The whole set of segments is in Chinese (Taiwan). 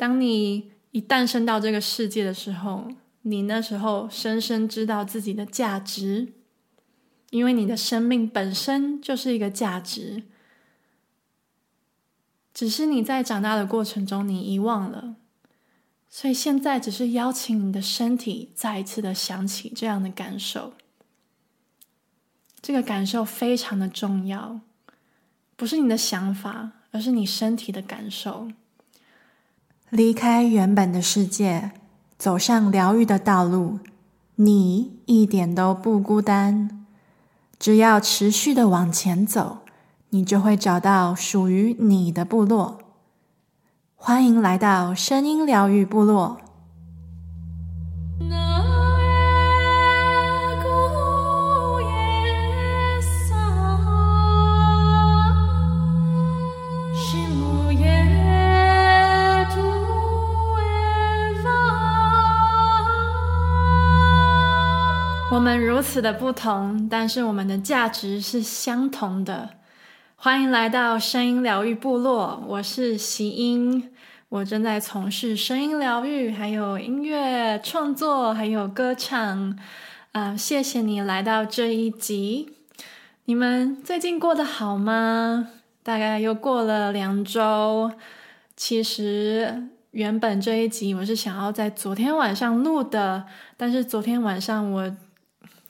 當你一誕生到這個世界的時候，你那時候深深知道自己的價值，因為你的生命本身就是一個價值。只是你在長大的過程中，你遺忘了，所以現在只是邀請你的身體再一次的想起這樣的感受。這個感受非常的重要，不是你的想法，而是你身體的感受。離開原本的世界，走上療癒的道路，你一點都不孤單。只要持續的往前走，你就會找到屬於你的部落。歡迎來到聲音療癒部落。如此的不同，但是我們的價值是相同的。歡迎來到聲音療癒部落，我是席音，我正在從事聲音療癒，還有音樂創作，還有歌唱。啊、呃，謝謝你來到這一集，你們最近過得好嗎？大概又過了兩周。其實原本這一集我是想要在昨天晚上錄的，但是昨天晚上我。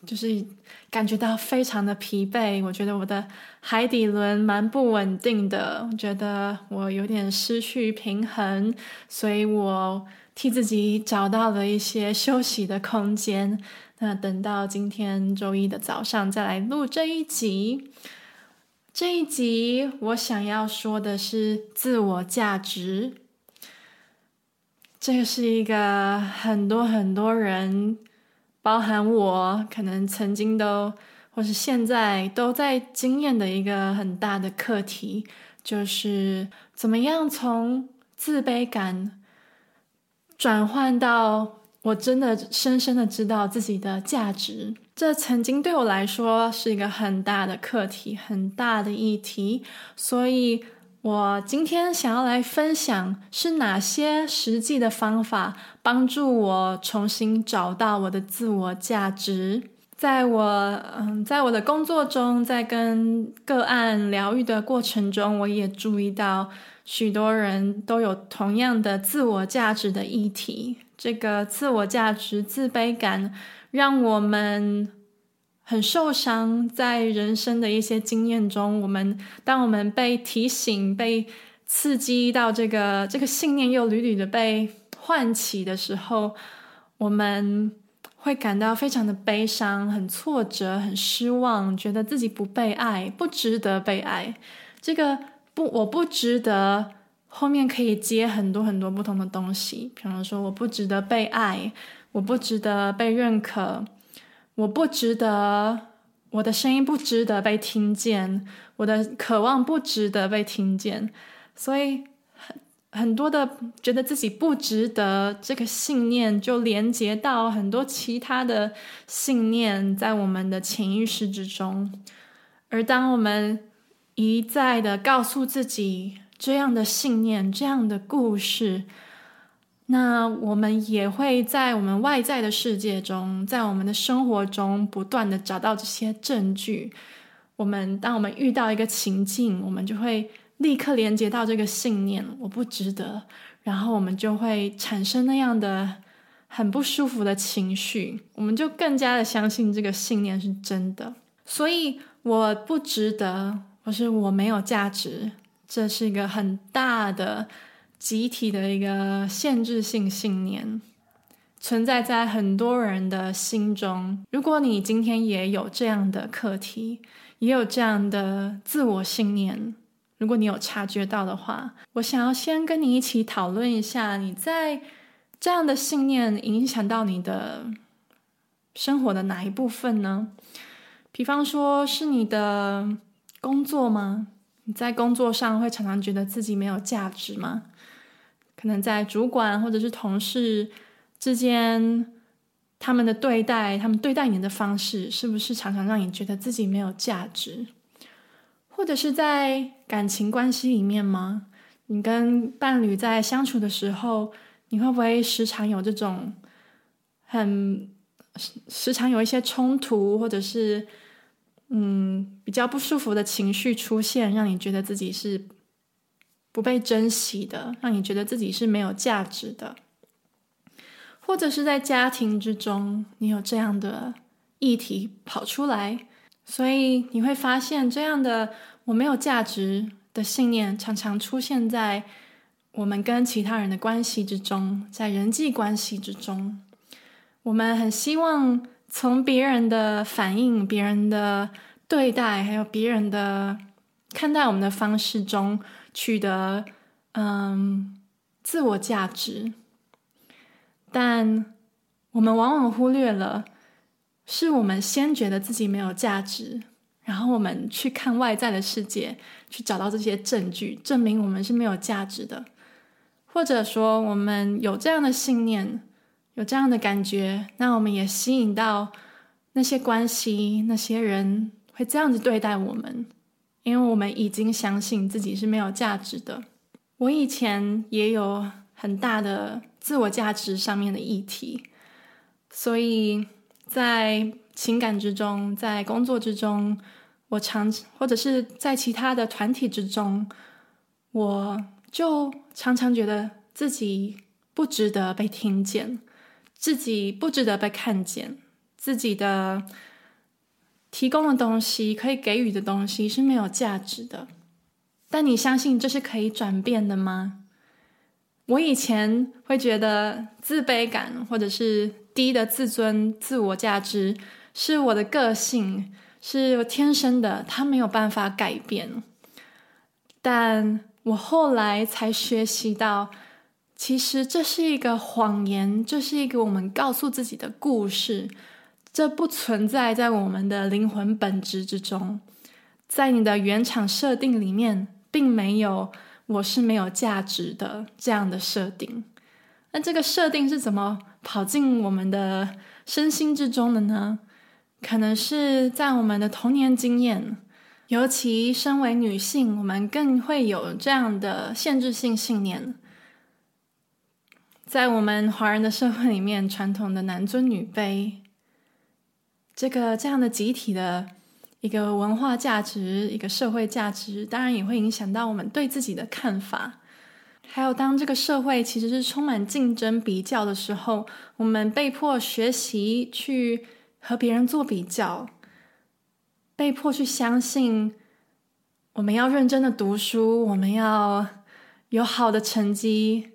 就是感覺到非常的疲憊，我覺得我的海底輪蠻不穩定的，我覺得我有點失去平衡，所以我替自己找到了一些休息的空間。那等到今天週一的早上再來錄這一集。這一集我想要說的是自我價值，這個是一個很多很多人。包含我可能曾經都，或是現在都在經驗的一個很大的課題，就是怎麼樣從自卑感轉換到我真的深深的知道自己的價值。這曾經對我來說是一個很大的課題，很大的議題。所以我今天想要來分享是哪些實際的方法。幫助我重新找到我的自我價值。在我，嗯，在我的工作中，在跟個案療癒的過程中，我也注意到許多人都有同樣的自我價值的議題。這個自我價值、自卑感讓我們很受傷，在人生的一些經驗中，我們當我們被提醒、被刺激到這個這個信念，又屢屢的被。喚起的時候，我們會感到非常的悲傷、很挫折、很失望，覺得自己不被愛、不值得被愛。這個不，我不值得。後面可以接很多很多不同的東西，比如說我不值得被愛，我不值得被認可，我不值得，我的聲音不值得被聽見，我的渴望不值得被聽見，所以。很多的覺得自己不值得，這個信念就連接到很多其他的信念，在我們的潛意識之中。而當我們一再的告訴自己這樣的信念、這樣的故事，那我們也會在我們外在的世界中，在我們的生活中不斷的找到這些證據。我們當我們遇到一個情境，我們就會。立刻連接到這個信念，我不值得，然後我們就會產生那樣的很不舒服的情緒，我們就更加的相信這個信念是真的。所以，我不值得，或是我沒有價值，這是一個很大的集體的一個限制性信念，存在在很多人的心中。如果你今天也有這樣的課題，也有這樣的自我信念。如果你有察覺到的話，我想要先跟你一起討論一下，你在這樣的信念影響到你的生活的哪一部分呢？比方說是你的工作嗎？你在工作上會常常覺得自己沒有價值嗎？可能在主管或者是同事之間，他們的對待，他們對待你的方式，是不是常常讓你覺得自己沒有價值？或者是在感情關係裡面嗎？你跟伴侶在相處的時候，你會不會時常有這種很時，時常有一些衝突，或者是嗯比較不舒服的情緒出現，讓你覺得自己是不被珍惜的，讓你覺得自己是沒有價值的？或者是在家庭之中，你有這樣的議題跑出來？所以你會發現，這樣的“我沒有價值”的信念常常出現在我們跟其他人的關係之中，在人際關係之中，我們很希望從別人的反應、別人的對待，還有別人的看待我們的方式中取得嗯自我價值，但我們往往忽略了。是我們先覺得自己沒有價值，然後我們去看外在的世界，去找到這些證據，證明我們是沒有價值的。或者說，我們有這樣的信念，有這樣的感覺，那我們也吸引到那些關係、那些人會這樣子對待我們，因為我們已經相信自己是沒有價值的。我以前也有很大的自我價值上面的議題，所以。在情感之中，在工作之中，我常或者是在其他的團體之中，我就常常覺得自己不值得被聽見，自己不值得被看見，自己的提供的東西、可以給予的東西是沒有價值的。但你相信這是可以轉變的嗎？我以前會覺得自卑感或者是低的自尊、自我價值是我的個性，是我天生的，它沒有辦法改變。但我後來才學習到，其實這是一個謊言，這是一個我們告訴自己的故事，這不存在在我們的靈魂本質之中，在你的原廠設定裡面並沒有。我是沒有價值的這樣的設定，那這個設定是怎麼跑進我們的身心之中的呢？可能是在我們的童年經驗，尤其身為女性，我們更會有這樣的限制性信念。在我們華人的社會裡面，傳統的男尊女卑，這個這樣的集體的。一個文化價值，一個社會價值，當然也會影響到我們對自己的看法。還有，當這個社會其實是充滿競爭、比較的時候，我們被迫學習去和別人做比較，被迫去相信我們要認真的讀書，我們要有好的成績，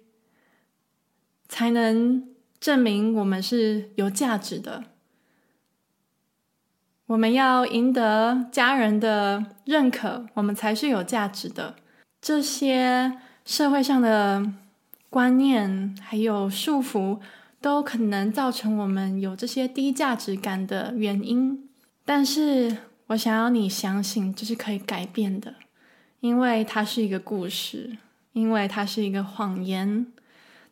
才能證明我們是有價值的。我們要贏得家人的認可，我們才是有價值的。這些社會上的觀念還有束縛，都可能造成我們有這些低價值感的原因。但是，我想要你相信，這是可以改變的，因為它是一個故事，因為它是一個謊言。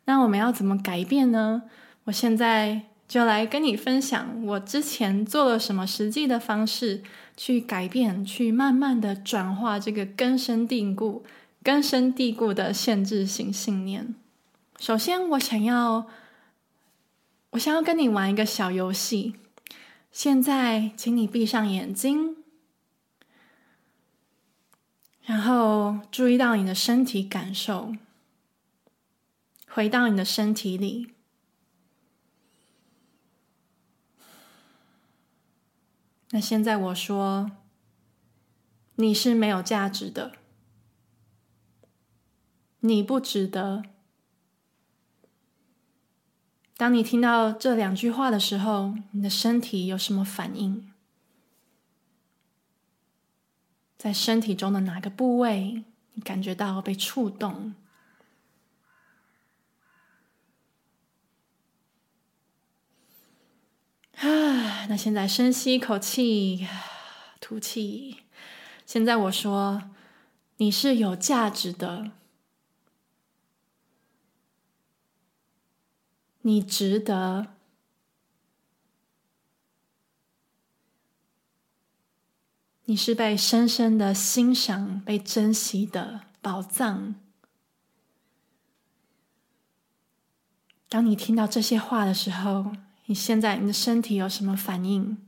那我們要怎麼改變呢？我現在，就來跟你分享我之前做了什麼實際的方式去改變，去慢慢的轉化這個根深蒂固、根深蒂固的限制性信念。首先，我想要，我想要跟你玩一個小遊戲。現在，請你閉上眼睛，然後注意到你的身體感受，回到你的身體裡。那現在我說，你是沒有價值的，你不值得。當你聽到這兩句話的時候，你的身體有什麼反應？在身體中的哪個部位，你感覺到被觸動？啊。那現在深吸一口氣，吐氣。現在我說，你是有價值的，你值得，你是被深深的欣賞、被珍惜的寶藏。當你聽到這些話的時候。你現在你的身體有什麼反應？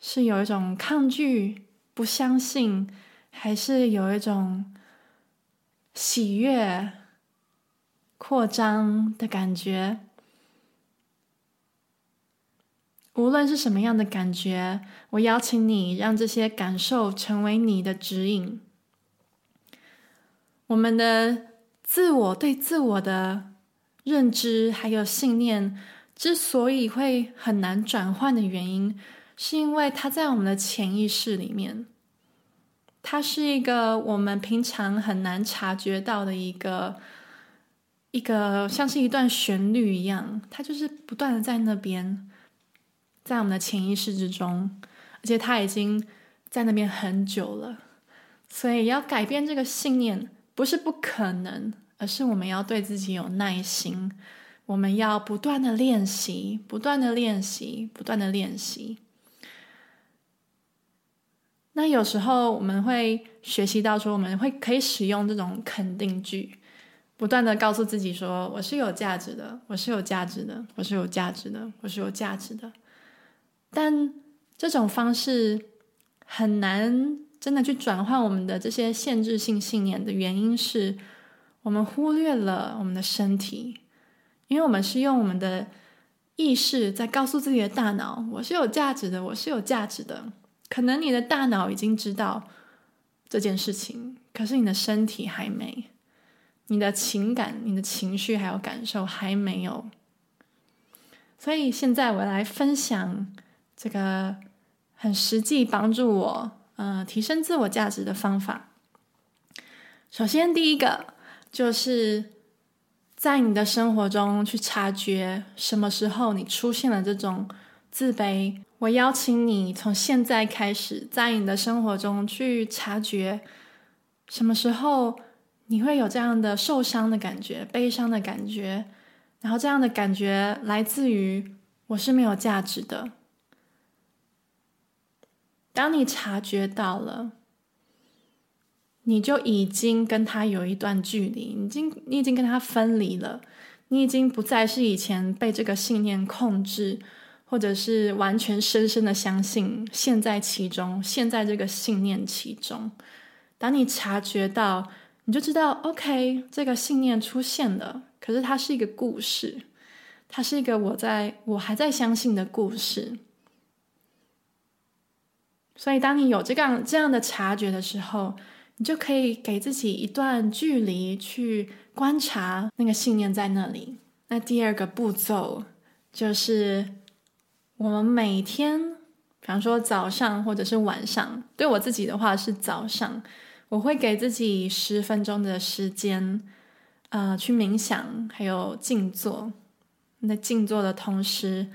是有一種抗拒、不相信，還是有一種喜悅、擴張的感覺？無論是什麼樣的感覺，我邀請你讓這些感受成為你的指引。我們的自我對自我的。認知還有信念，之所以會很難轉換的原因，是因為它在我們的潛意識裡面，它是一個我們平常很難察覺到的一個一個，像是一段旋律一樣，它就是不斷的在那邊，在我們的潛意識之中，而且它已經在那邊很久了，所以要改變這個信念不是不可能，而是我們要對自己有耐心，我們要不斷的練習，不斷的練習，不斷的練習。那有時候我們會學習到說，我們會可以使用這種肯定句，不斷的告訴自己說：“我是有價值的，我是有價值的，我是有價值的，我是有價值的。值的”但這種方式很難真的去轉換我們的這些限制性信念的原因是。我們忽略了我們的身體，因為我們是用我們的意識在告訴自己的大腦：“我是有價值的，我是有價值的。”可能你的大腦已經知道這件事情，可是你的身體還沒，你的情感、你的情緒還有感受還沒有。所以現在我來分享這個很實際幫助我呃提升自我價值的方法。首先，第一個。就是在你的生活中去察覺，什麼時候你出現了這種自卑。我邀請你從現在開始，在你的生活中去察覺，什麼時候你會有這樣的受傷的感覺、悲傷的感覺，然後這樣的感覺來自於“我是沒有價值的”。當你察覺到了，你就已經跟他有一段距離，已經你已經跟他分離了，你已經不再是以前被這個信念控制，或者是完全深深的相信，陷在其中，陷在這個信念其中。當你察覺到，你就知道，OK，這個信念出現了，可是它是一個故事，它是一個我在，我還在相信的故事。所以，當你有這樣這樣的察覺的時候，你就可以給自己一段距離去觀察那個信念在那裡。那第二個步驟就是，我們每天，比方說早上或者是晚上，對我自己的話是早上，我會給自己十分鐘的時間，啊、呃，去冥想，還有靜坐。那靜坐的同時，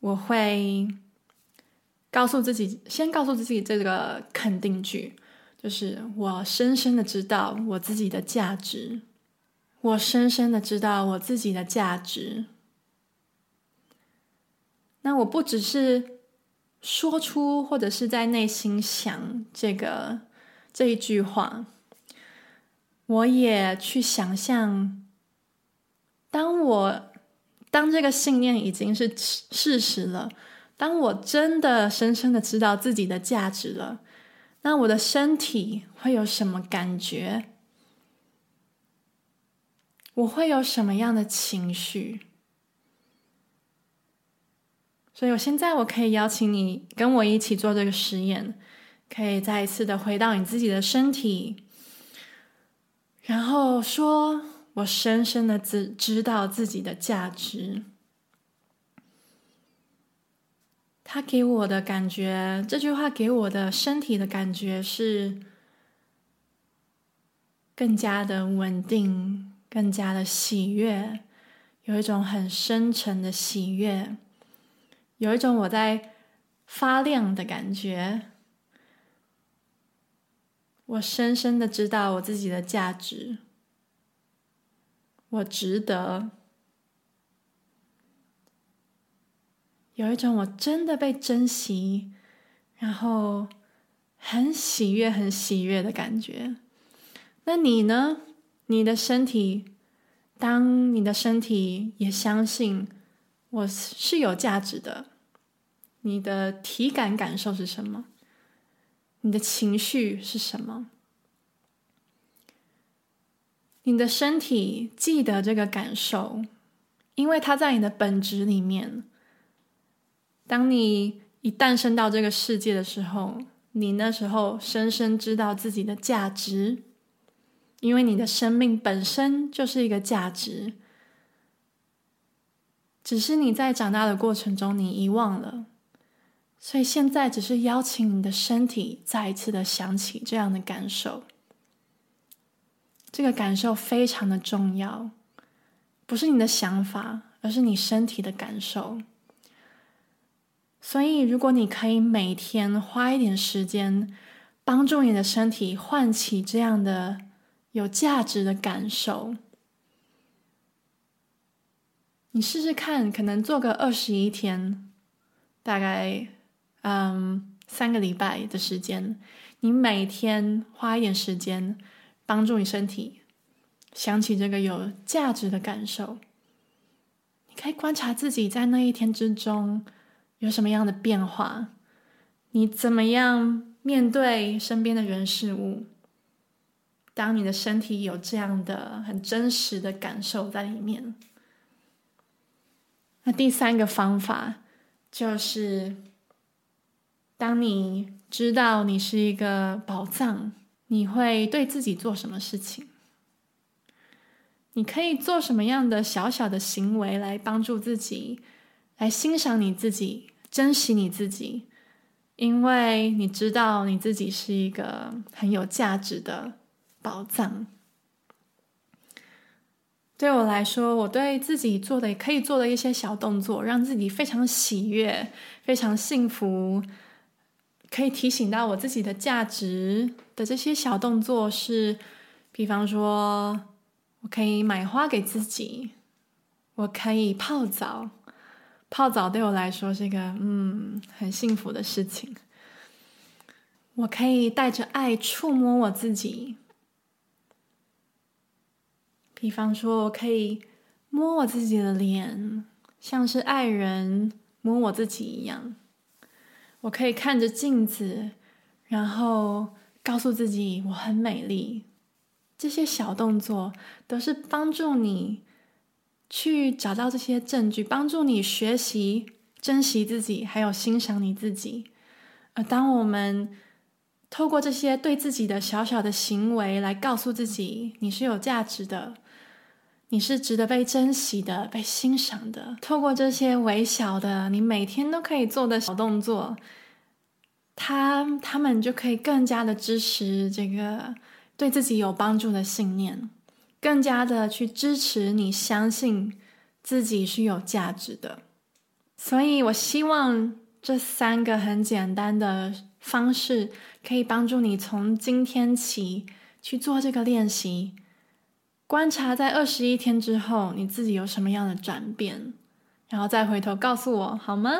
我會告訴自己，先告訴自己這個肯定句。就是我深深的知道我自己的價值，我深深的知道我自己的價值。那我不只是說出或者是在內心想這個這一句話，我也去想象，當我當這個信念已經是事實了，當我真的深深的知道自己的價值了。那我的身體會有什麼感覺？我會有什麼樣的情緒？所以，我現在我可以邀請你跟我一起做這個實驗，可以再一次的回到你自己的身體，然後說：“我深深的知知道自己的價值。”他給我的感覺，這句話給我的身體的感覺是更加的穩定，更加的喜悅，有一種很深沉的喜悅，有一種我在發亮的感覺。我深深的知道我自己的價值，我值得。有一種我真的被珍惜，然後很喜悅、很喜悅的感覺。那你呢？你的身體，當你的身體也相信我是有價值的，你的體感感受是什麼？你的情緒是什麼？你的身體記得這個感受，因為它在你的本質裡面。當你一誕生到這個世界的時候，你那時候深深知道自己的價值，因為你的生命本身就是一個價值。只是你在長大的過程中，你遺忘了，所以現在只是邀請你的身體再一次的想起這樣的感受。這個感受非常的重要，不是你的想法，而是你身體的感受。所以，如果你可以每天花一點時間，幫助你的身體喚起這樣的有價值的感受，你試試看，可能做個二十一天，大概嗯三個禮拜的時間，你每天花一點時間幫助你身體想起這個有價值的感受，你可以觀察自己在那一天之中。有什麼樣的變化？你怎麼樣面對身邊的人事物？當你的身體有這樣的很真實的感受在裡面，那第三個方法就是，當你知道你是一個寶藏，你會對自己做什麼事情？你可以做什麼樣的小小的行為來幫助自己？來欣賞你自己，珍惜你自己，因為你知道你自己是一個很有價值的寶藏。對我來說，我對自己做的也可以做的一些小動作，讓自己非常喜悅、非常幸福，可以提醒到我自己的價值的這些小動作是，是比方說我可以買花給自己，我可以泡澡。泡澡對我來說是一個嗯很幸福的事情。我可以帶着愛觸摸我自己，比方說我可以摸我自己的臉，像是愛人摸我自己一樣。我可以看着鏡子，然後告訴自己我很美麗。這些小動作都是幫助你，去找到這些證據，幫助你學習珍惜自己，還有欣賞你自己。而當我們透過這些對自己的小小的行為來告訴自己，你是有價值的，你是值得被珍惜的、被欣賞的。透過這些微小的，你每天都可以做的小動作，他他們就可以更加的支持這個對自己有幫助的信念。更加的去支持你，相信自己是有價值的。所以，我希望這三個很簡單的方式可以幫助你從今天起去做這個練習，觀察在二十一天之後你自己有什麼樣的轉變，然後再回頭告訴我好嗎？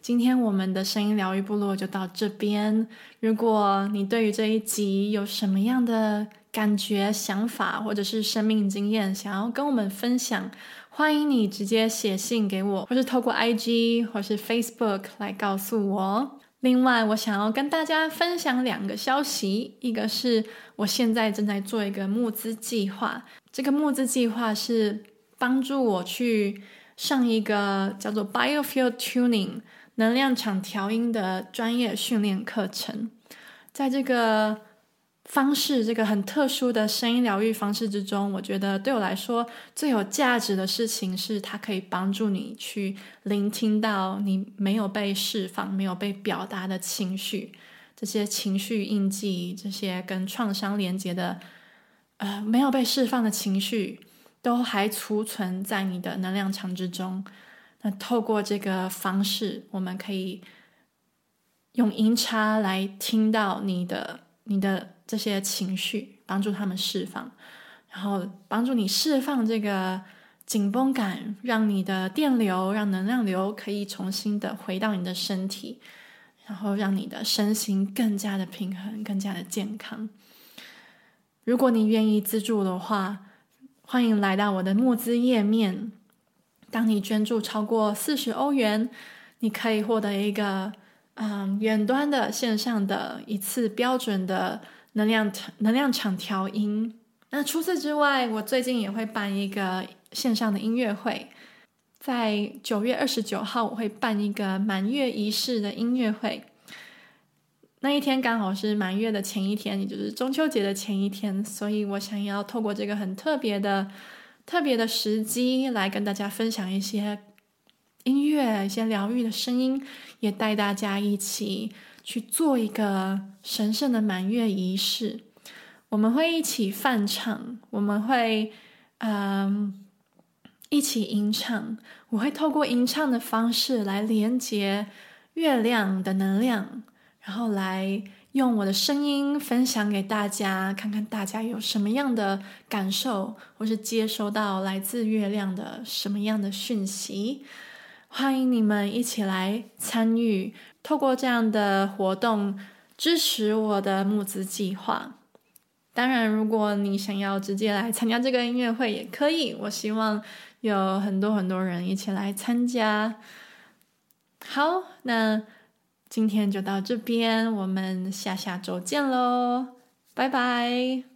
今天我們的聲音療癒部落就到這邊。如果你對於這一集有什麼樣的，感覺、想法或者是生命經驗，想要跟我們分享，歡迎你直接寫信給我，或是透過 IG 或是 Facebook 來告訴我。另外，我想要跟大家分享兩個消息：一個是我現在正在做一個募資計劃，這個募資計劃是幫助我去上一個叫做 Biofield Tuning 能量場調音的專業訓練課程，在這個。方式，這個很特殊的聲音療癒方式之中，我覺得對我來說最有價值的事情是，它可以幫助你去聆聽到你沒有被釋放、沒有被表達的情緒，這些情緒印記，這些跟創傷連接的，呃，沒有被釋放的情緒，都還儲存在你的能量場之中。那透過這個方式，我們可以用音叉來聽到你的，你的這些情緒幫助他們釋放，然後幫助你釋放這個緊繃感，讓你的電流、讓能量流可以重新的回到你的身體，然後讓你的身心更加的平衡、更加的健康。如果你願意資助的話，歡迎來到我的募資頁面，當你捐助超過四十歐元，你可以獲得一個。嗯，遠端的線上的一次標準的能量能量場調音。那除此之外，我最近也會辦一個線上的音樂會，在九月二十九號，我會辦一個滿月儀式的音樂會。那一天剛好是滿月的前一天，也就是中秋節的前一天，所以我想要透過這個很特別的、特別的時機，來跟大家分享一些。音樂，一些療癒的聲音，也帶大家一起去做一個神聖的滿月儀式。我們會一起泛唱，我們會，嗯、呃，一起吟唱。我會透過吟唱的方式來連接月亮的能量，然後來用我的聲音分享給大家，看看大家有什麼樣的感受，或是接收到來自月亮的什麼樣的訊息。歡迎你們一起來參與，透過這樣的活動支持我的募資計劃。當然，如果你想要直接來參加這個音樂會也可以。我希望有很多很多人一起來參加。好，那今天就到這邊，我們下下周見嘍，拜拜。